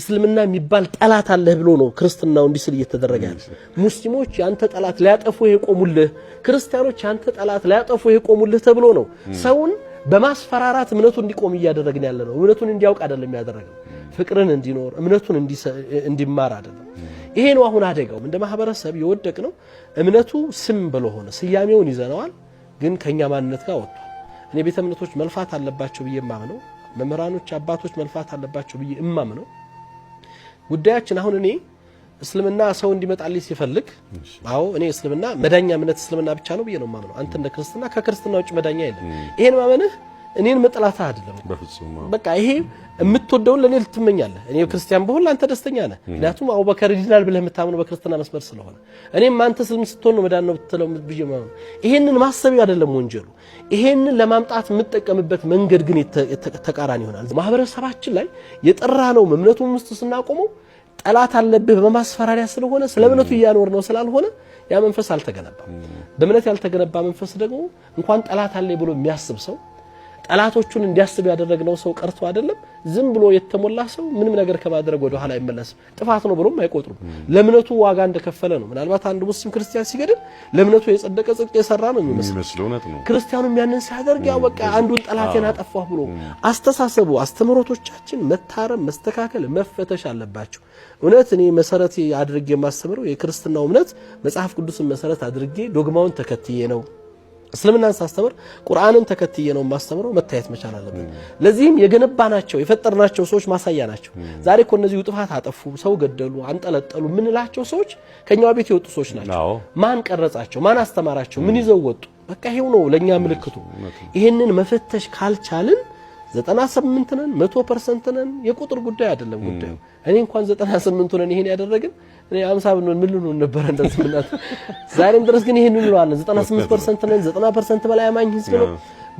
እስልምና የሚባል ጠላት አለህ ብሎ ነው ክርስትናው እንዲስል እየተደረገ ያለ። ሙስሊሞች ያንተ ጠላት ሊያጠፉ የቆሙልህ፣ ክርስቲያኖች ያንተ ጠላት ሊያጠፉ የቆሙልህ ተብሎ ነው ሰውን በማስፈራራት እምነቱ እንዲቆም እያደረግን ያለ ነው። እምነቱን እንዲያውቅ አይደለም ያደረገው፣ ፍቅርን እንዲኖር እምነቱን እንዲማር አይደለም። ይሄ ነው አሁን አደጋው እንደ ማህበረሰብ የወደቅ ነው። እምነቱ ስም ብሎ ሆነ፣ ስያሜውን ይዘነዋል፣ ግን ከኛ ማንነት ጋር ወጥቷል። እኔ ቤተ እምነቶች መልፋት አለባቸው ብዬ እማምነው፣ መምህራኖች አባቶች መልፋት አለባቸው ብዬ እማምነው ጉዳያችን አሁን እኔ እስልምና ሰው እንዲመጣልኝ ሲፈልግ፣ አዎ እኔ እስልምና መዳኛ እምነት እስልምና ብቻ ነው ብዬ ነው የማምነው። አንተ እንደ ክርስትና ከክርስትና ውጭ መዳኛ የለም። ይሄን ማመንህ እኔን መጥላት አይደለም። በቃ ይሄ የምትወደውን ለእኔ ልትመኛለህ። እኔ ክርስቲያን በሁሉ አንተ ደስተኛ ነህ። ምክንያቱም አቡበከር ይድናል ብለህ የምታምነው በክርስትና መስመር ስለሆነ እኔም አንተ ስልም ስትሆን ነው መዳን ነው ብትለው ብዬ ይሄንን ማሰብ አይደለም ወንጀሉ። ይሄንን ለማምጣት የምጠቀምበት መንገድ ግን ተቃራኒ ይሆናል። ማህበረሰባችን ላይ የጠራ ነው እምነቱን ውስጥ ስናቆመው ጠላት አለብህ በማስፈራሪያ ስለሆነ ስለ እምነቱ እያኖር ነው ስላልሆነ ያ መንፈስ አልተገነባም። በእምነት ያልተገነባ መንፈስ ደግሞ እንኳን ጠላት አለ ብሎ የሚያስብ ሰው ጠላቶቹን እንዲያስብ ያደረግነው ሰው ቀርቶ አይደለም። ዝም ብሎ የተሞላ ሰው ምንም ነገር ከማድረግ ወደ ኋላ አይመለስም። ጥፋት ነው ብሎም አይቆጥሩም። ለእምነቱ ዋጋ እንደከፈለ ነው። ምናልባት አንድ ሙስሊም ክርስቲያን ሲገድል ለእምነቱ የጸደቀ ጽድቅ የሰራ ነው የሚመስለው። ክርስቲያኑም ያንን ሲያደርግ ያው በቃ አንዱን ጠላቴን አጠፋሁ ብሎ አስተሳሰቡ፣ አስተምህሮቶቻችን መታረም፣ መስተካከል፣ መፈተሽ አለባቸው። እውነት እኔ መሰረት አድርጌ የማስተምረው የክርስትናው እምነት መጽሐፍ ቅዱስን መሰረት አድርጌ ዶግማውን ተከትዬ ነው እስልምናን ሳስተምር ቁርአንን ተከትዬ ነው ማስተምረው። መታየት መቻል አለብን። ለዚህም የገነባናቸው የፈጠርናቸው ሰዎች ማሳያ ናቸው። ዛሬ እኮ እነዚሁ ጥፋት አጠፉ፣ ሰው ገደሉ፣ አንጠለጠሉ የምንላቸው ሰዎች ከኛው ቤት የወጡ ሰዎች ናቸው። ማን ቀረጻቸው? ማን አስተማራቸው? ምን ይዘው ወጡ? በቃ ይሄው ነው ለእኛ ምልክቱ። ይህንን መፈተሽ ካልቻልን 98 ነን መቶ ፐርሰንት ነን። የቁጥር ጉዳይ አይደለም ጉዳዩ። እኔ እንኳን 98 ነን ይሄን ያደረግን እኔ 50 ብንሆን ምን ልንሆን ነበረ? እንደዚህ ዛሬም ድረስ ግን ይሄን እንለዋለን። 98 ፐርሰንት ነን። 90 ፐርሰንት በላይ አማኝ ህዝብ ነው።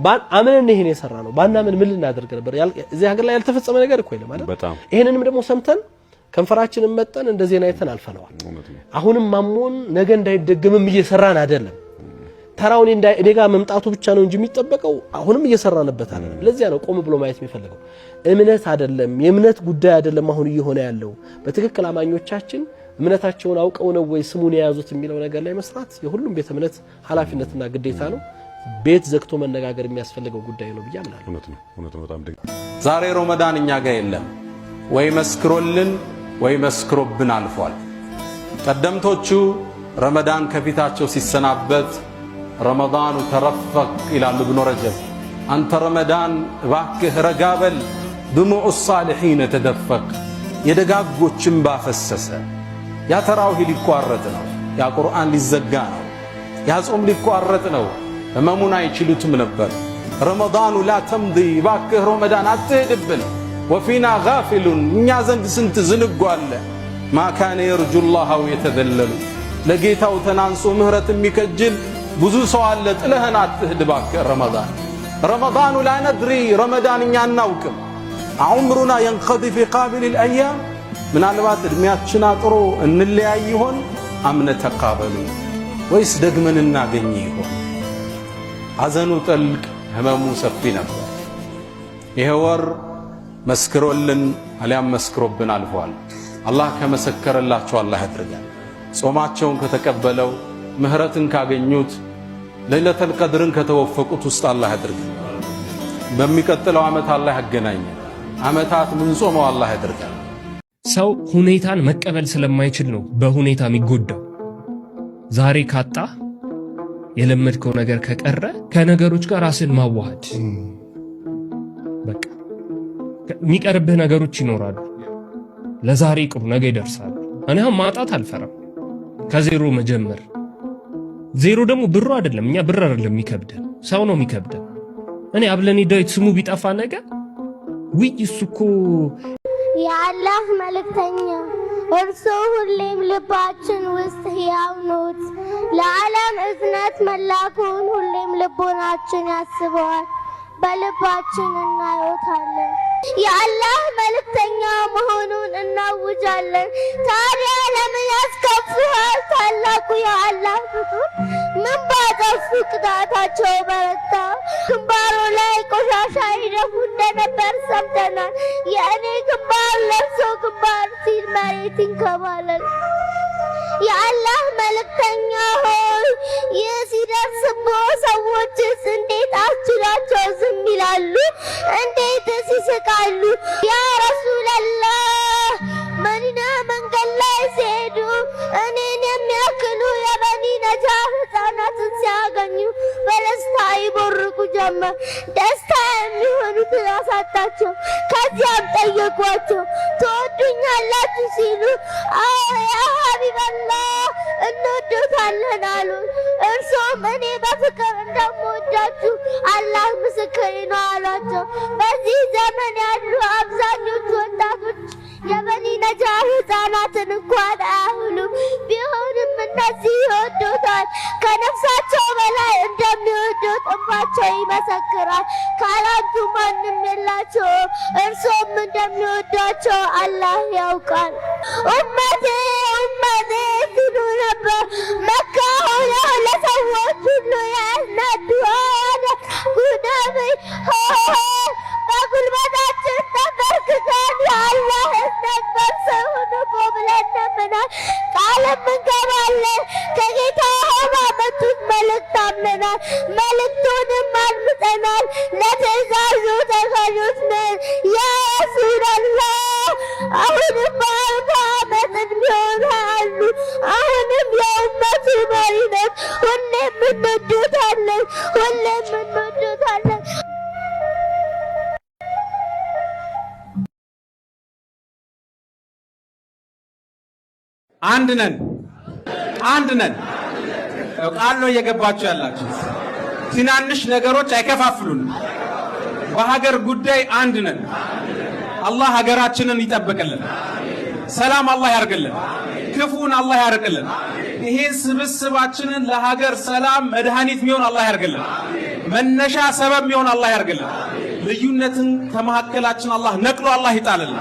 ባን አምነን ይሄን የሰራ ነው። ባናምን ምን ልናደርግ ነበር? እዚህ ሀገር ላይ ያልተፈጸመ ነገር እኮ የለም አይደል? ይሄንንም ደግሞ ሰምተን ከንፈራችንን መጠን እንደዚህ አይተን አልፈነዋል። አሁንም አሞን ነገ እንዳይደገምም እየሰራን አይደለም ተራውን እኔ ጋር መምጣቱ ብቻ ነው እንጂ የሚጠበቀው አሁንም እየሰራንበት አለ። ለዚያ ነው ቆም ብሎ ማየት የሚፈልገው። እምነት አይደለም የእምነት ጉዳይ አይደለም አሁን እየሆነ ያለው በትክክል አማኞቻችን እምነታቸውን አውቀው ነው ወይ ስሙን የያዙት የሚለው ነገር ላይ መስራት የሁሉም ቤተ እምነት ኃላፊነትና ግዴታ ነው። ቤት ዘግቶ መነጋገር የሚያስፈልገው ጉዳይ ነው ብዬ አምናለሁ። እውነት ነው፣ ነው። በጣም ዛሬ ሮመዳን እኛ ጋር የለም ወይ መስክሮልን ወይ መስክሮብን አልፏል። ቀደምቶቹ ረመዳን ከፊታቸው ሲሰናበት ረመዳኑ ተረፈቅ ይላሉ ብኖ ረጀብ። አንተ ረመዳን እባክህ ረጋበል ድሙዑ ሳልሒን የተደፈቅ የደጋጎችን ባፈሰሰ። ያ ተራዊህ ሊቋረጥ ነው፣ ያ ቁርአን ሊዘጋ ነው፣ ያ ጾም ሊቋረጥ ነው። ህመሙን አይችሉትም ነበር። ረመዳኑ ላተምዲ እባክህ ረመዳን አትሄድብን። ወፊና ጋፊሉን እኛ ዘንድ ስንት ዝንጎ አለ። ማካነ የርጁ ላሃው የተዘለሉ ለጌታው ተናንሶ ምህረት የሚከጅል ብዙ ሰው አለ ጥለህን አትሂድ እባክህ ረመዳን ረመዳኑ ላ ረመዳን እኛ አናውቅም ዑምሩና የንቀዲ ፊ ቃቢል ልአያም ምናልባት እድሜያችን አጥሮ እንለያይ ይሆን አምነ ተቃበሉ ወይስ ደግመን እናገኝ ይሆን ሐዘኑ ጥልቅ ህመሙ ሰፊ ነበር ይሄ ወር መስክሮልን አሊያም መስክሮብን አልፏል አላህ ከመሰከረላቸው አላህ ያድርጋል ጾማቸውን ከተቀበለው ምህረትን ካገኙት ለይለተል ቀድርን ከተወፈቁት ውስጥ አላህ ያድርግ። በሚቀጥለው ዓመት አላህ ያገናኝ። ዓመታት ምንጾመው አላህ ያድርግ። ሰው ሁኔታን መቀበል ስለማይችል ነው በሁኔታ የሚጎዳው። ዛሬ ካጣ የለመድከው ነገር ከቀረ ከነገሮች ጋር ራስን ማዋሃድ በቃ የሚቀርብህ ነገሮች ይኖራሉ። ለዛሬ ቅሩ ነገ ይደርሳሉ። እኔም ማጣት አልፈረም ከዜሮ መጀመር ዜሮ ደግሞ ብሩ አይደለም። እኛ ብር አይደለም የሚከብደን ሰው ነው የሚከብደን። እኔ አብለኔ ዳዊት ስሙ ቢጠፋ ነገር ውይ እሱ እኮ የአላህ መልእክተኛ እርሶ ሁሌም ልባችን ውስጥ ሕያው ኖት። ለዓለም እዝነት መላኩን ሁሌም ልቦናችን ያስበዋል፣ በልባችን እናዩታለን። የአላህ መልእክተኛ መሆኑን እናውጃለን። ታዲያ ለምን ያስከፍሃል? የላኩ የአላህ ፍጡር ምን ባጠፉ ቅጣታቸው በረታ። ግንባሩ ላይ ቆሻሻ ይደፉ እንደነበር ሰምተናል። የእኔ ግንባር ለብሶ ግንባር ሲል መሬት ይንከባለል። የአላህ መልእክተኛ ሆይ ይህ ሲደርስቦ ሰዎችስ እንዴት አስችሏቸው ዝም ይላሉ? እንዴትስ ይስቃሉ? አላህ ምስክሬ ነው አሏቸው። በዚህ ዘመን ያሉ አብዛኞቹ ወጣቶች የበኒ ነጃ ህፃናትን እንኳን አያውሉም። ቢሆንም እነዚህ ይወዱታል። ከነፍሳቸው በላይ እንደሚወዱት እንባቸው ይመሰክራል። ካላንቱ ማንም የላቸው። እርሶም እንደሚወዷቸው አላህ ያውቃል። አንድ ነን፣ አንድ ነን። ቃል ነው እየገባችሁ ያላችሁ። ትናንሽ ነገሮች አይከፋፍሉን በሀገር ጉዳይ አንድ ነን። አላህ ሀገራችንን ይጠብቅልን፣ ሰላም አላህ ያርግልን፣ ክፉን አላህ ያርቅልን። ይሄን ስብስባችንን ለሀገር ሰላም መድኃኒት ሚሆን አላህ ያርግልን፣ መነሻ ሰበብ ሚሆን አላህ ያርግልን። ልዩነትን ከመካከላችን አላህ ነቅሎ አላህ ይጣልልን፣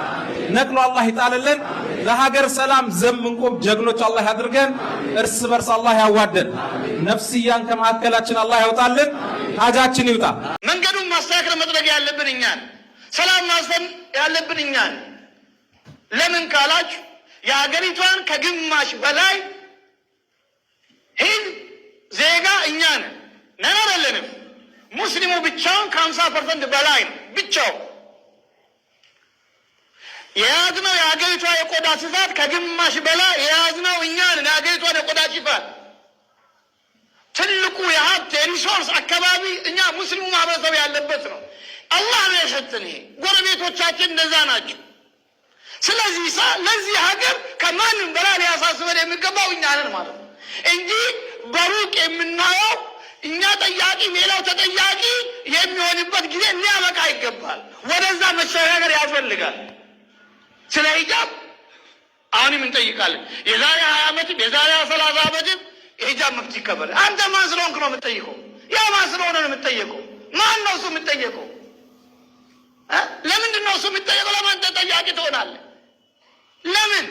ነቅሎ አላህ ይጣልልን። ለሀገር ሰላም ዘም ምንቆም ጀግኖች አላህ ያድርገን። እርስ በርስ አላህ ያዋደን። ነፍስያን ከመካከላችን አላህ ያውጣልን። ሀጃችን ይውጣ። መንገዱን ማስተካከል መጥረግ ያለብን እኛን፣ ሰላም ማስፈን ያለብን እኛን። ለምን ካላችሁ የሀገሪቷን ከግማሽ በላይ ህዝብ ዜጋ እኛ ነን ነን አይደለንም። ሙስሊሙ ብቻውን ከሀምሳ ፐርሰንት በላይ ነው ብቻው የያዝነው የአገሪቷ የቆዳ ስፋት ከግማሽ በላይ የያዝነው እኛን የሀገሪቷን የቆዳ ሽፋን ትልቁ የሀብት የሪሶርስ አካባቢ እኛ ሙስሊሙ ማህበረሰብ ያለበት ነው። አላህ ነው የሰጠን። ይሄ ጎረቤቶቻችን እንደዛ ናቸው። ስለዚህ ሳ ለዚህ ሀገር ከማንም በላይ ሊያሳስበን የሚገባው እኛ ነን ማለት ነው እንጂ በሩቅ የምናየው እኛ ጠያቂ ሌላው ተጠያቂ የሚሆንበት ጊዜ ሊያበቃ ይገባል። ወደዛ መሸጋገር ያስፈልጋል። ስለ ሂጃብ አሁንም እንጠይቃለን። የዛሬ ሀያ ዓመትም የዛሬ ሰላሳ ዓመትም የሂጃብ መብት ይከበራል። አንተ ማን ስለሆንክ ነው የምጠይቀው? ያ ማን ስለሆነ ነው የምጠየቀው? ማን ነው እሱ የምጠየቀው? ለምንድን ነው እሱ የምጠየቀው? ለማን ተጠያቂ ትሆናለህ? ለምን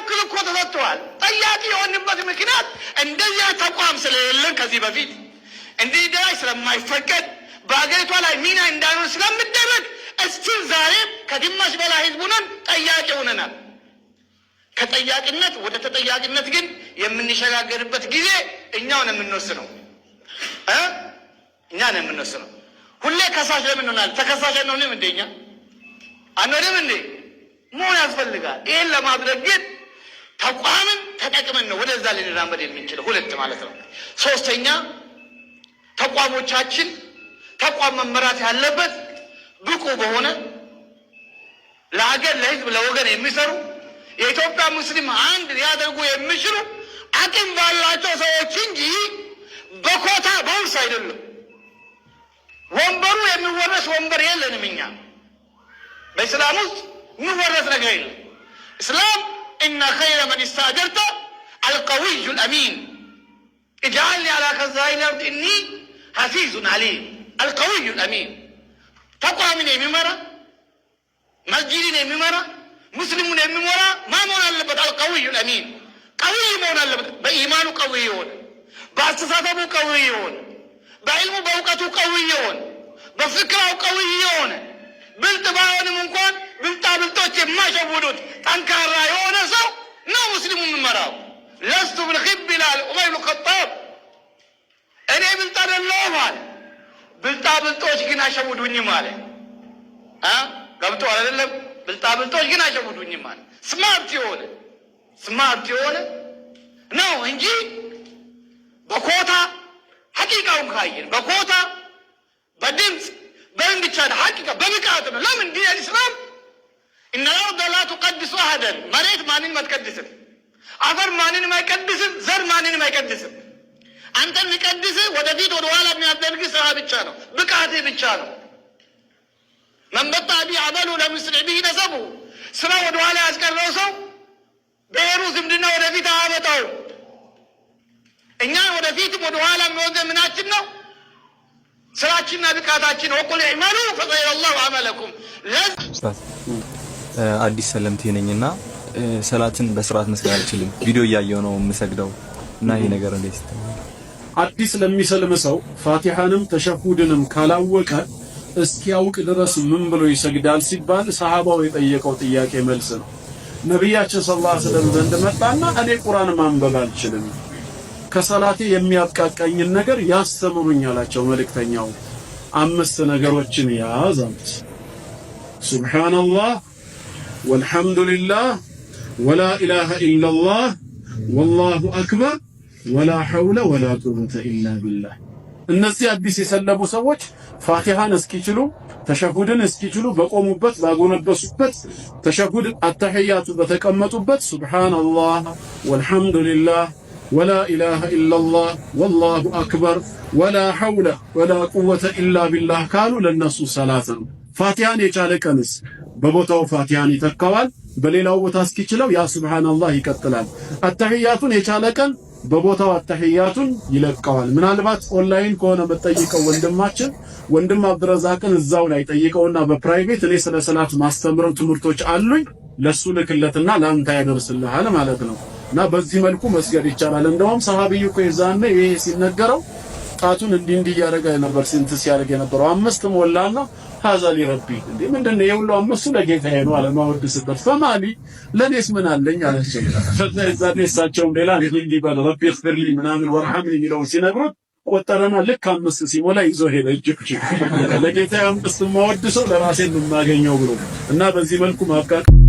እክል እኮ ተሰጥተዋል። ጠያቂ የሆንበት ምክንያት እንደዚያ ተቋም ስለሌለን ከዚህ በፊት እንዲህ ደራሽ ስለማይፈቀድ በሀገሪቷ ላይ ሚና እንዳይኖር ስለምደረግ እስቲል ዛሬ ከግማሽ በላይ ህዝብ ነን ጠያቂ ሆነናል። ከጠያቂነት ወደ ተጠያቂነት ግን የምንሸጋገርበት ጊዜ እኛው እኛውን የምንወስነው እኛን የምንወስነው ሁሌ ከሳሽ ለምን ሆናል? ተከሳሽ ነው እንዴ? እኛ አንሆንም እንዴ? መሆን ያስፈልጋል። ይህን ለማድረግ ግን ተቋምን ተጠቅመን ነው ወደዛ ልንራመድ የምንችለው። ሁለት ማለት ነው። ሶስተኛ ተቋሞቻችን ተቋም መመራት ያለበት ብቁ በሆነ ለሀገር፣ ለህዝብ ለወገን የሚሰሩ የኢትዮጵያ ሙስሊም አንድ ሊያደርጉ የሚችሉ አቅም ባላቸው ሰዎች እንጂ በኮታ በውርስ አይደለም። ወንበሩ የሚወረስ ወንበር የለንም እኛ በእስላም ውስጥ የሚወረስ ነገር የለም። እስላም إن خير من استأجرت القوي الأمين اجعلني على خزائن الأرض إني حفيظ عليه القوي الأمين تقوى من أمي مرة مسجد أمي مرة مسلم أمي مرة ما مونا لبت القوي الأمين قوي مونا لبت بإيمانه قويون يون قويون قوي يون بعلمه بفكره قويون بالتباون بالتباعون منكم ብልጣ ብልጦች የማሸውዱት ጠንካራ የሆነ ሰው ነው ሙስሊሙ የምመራው። ለስቱ ብልክብ ይላል ዑመር ብን ኸጣብ። እኔ ብልጥ አይደለሁም አለ። ብልጣ ብልጦች ግን አሸውዱኝም አለ። ገብቶሃል አይደለም? ብልጣ ብልጦች ግን አሸውዱኝም አለ። ስማርት የሆነ ስማርት የሆነ ነው እንጂ በኮታ ሐቂቃውን ካየን በኮታ በድምፅ በእንግቻ ሐቂቃ በብቃት ነው። ለምን ዲን አልእስላም እነ አርድ ላ ቱቀድሱ አሀደን መሬት ማንንም አትቀድስም። አፈር ማንንም አይቀድስም። ዘር ማንንም አይቀድስም። አንተን የሚቀድስ ወደፊት ወደ ኋላ የሚያደርግ ስራ ብቻ ነው፣ ብቃት ብቻ ነው። መንበጣ ቢ አመሉ ለምስልዕ ብሂ ነሰቡ ስራ ወደ ኋላ ያስቀረው ሰው ብሔሩ ዝምድና ወደፊት አያመጣው። እኛን ወደፊትም ወደ ኋላ የሚወዘ ምናችን ነው ስራችንና ብቃታችን። ወቁል ዕመሉ ፈሰየረላሁ አመለኩም ለዚ አዲስ ሰለምቴ ነኝ እና ሰላትን በስርዓት መስገድ አልችልም። ቪዲዮ እያየሁ ነው የምሰግደው እና ይሄ ነገር እንዴት አዲስ ለሚሰልም ሰው ፋቲሃንም ተሸሁድንም ካላወቀ እስኪያውቅ ድረስ ምን ብሎ ይሰግዳል ሲባል ሰሃባው የጠየቀው ጥያቄ መልስ ነው። ነቢያችን ሰለላሁ ዐለይሂ ወሰለም ዘንድ መጣና እኔ ቁርአን ማንበብ አልችልም ከሰላቴ የሚያብቃቃኝን ነገር ያስተምሩኝ አላቸው። መልእክተኛው አምስት ነገሮችን ያዛምት ሱብሃንአላህ ወልሐምዱሊላህ ወላ ኢላሃ ኢለላህ ወላሁ አክበር ወላ ሐውለ ወላ ቁወተ ኢላ ቢላህ። እነዚህ አዲስ የሰለሙ ሰዎች ፋቲሃን እስኪችሉ ተሸሁድን እስኪችሉ በቆሙበት ባጎነበሱበት ተሸሁድ አተሕያቱ በተቀመጡበት ሱብሓነላህ ወልሐምዱሊላህ ወላ ኢላሃ ኢለላህ ወላሁ አክበር ወላ ሐውለ ወላ ቁወተ ኢላ ቢላህ ካሉ ለነሱ ሰላት ነው። ፋቲሃን የቻለ ቀንስ በቦታው ፋቲሃን ይተካዋል። በሌላው ቦታ እስኪችለው ያ ሱብሃንአላህ ይቀጥላል። አተህያቱን የቻለ ቀን በቦታው አተህያቱን ይለቀዋል። ምናልባት ኦንላይን ከሆነ መጠይቀው ወንድማችን ወንድም አብድረዛቅን እዛው ላይ ጠይቀውና በፕራይቬት እኔ ስለ ሰላት ማስተምረው ትምህርቶች አሉኝ ለሱ ልክለትና ለአንተ ያደርስልሃል ማለት ነው። እና በዚህ መልኩ መስገድ ይቻላል። እንደውም ሰሃቢው እኮ የዛኔ ይሄ ሲነገረው ጣቱን እንዲህ እንዲህ እያደረገ ነበር እንትን ሲያደርግ የነበረው አምስት ሞላና ሀዛ ሊረቢ እንዴ ምንድን ነው የሁሉ አምስቱ ለጌታዬ ነው አለ ማወድስበት ፈማሊ ለኔስ ምን አለኝ አለችው ፈዛ እሳቸውም ሌላ እንዲህ ባለ ረቢ ፍርሊ ምናምን ወርሐምኒ የሚለውን ሲነግሩት ቆጠረና ልክ አምስት ሲሞላ ይዞ ሄደ። እጅግ ለጌታዬ አምስት ማወድሰው ለራሴ የማገኘው ብሎ እና በዚህ መልኩ ማብቃት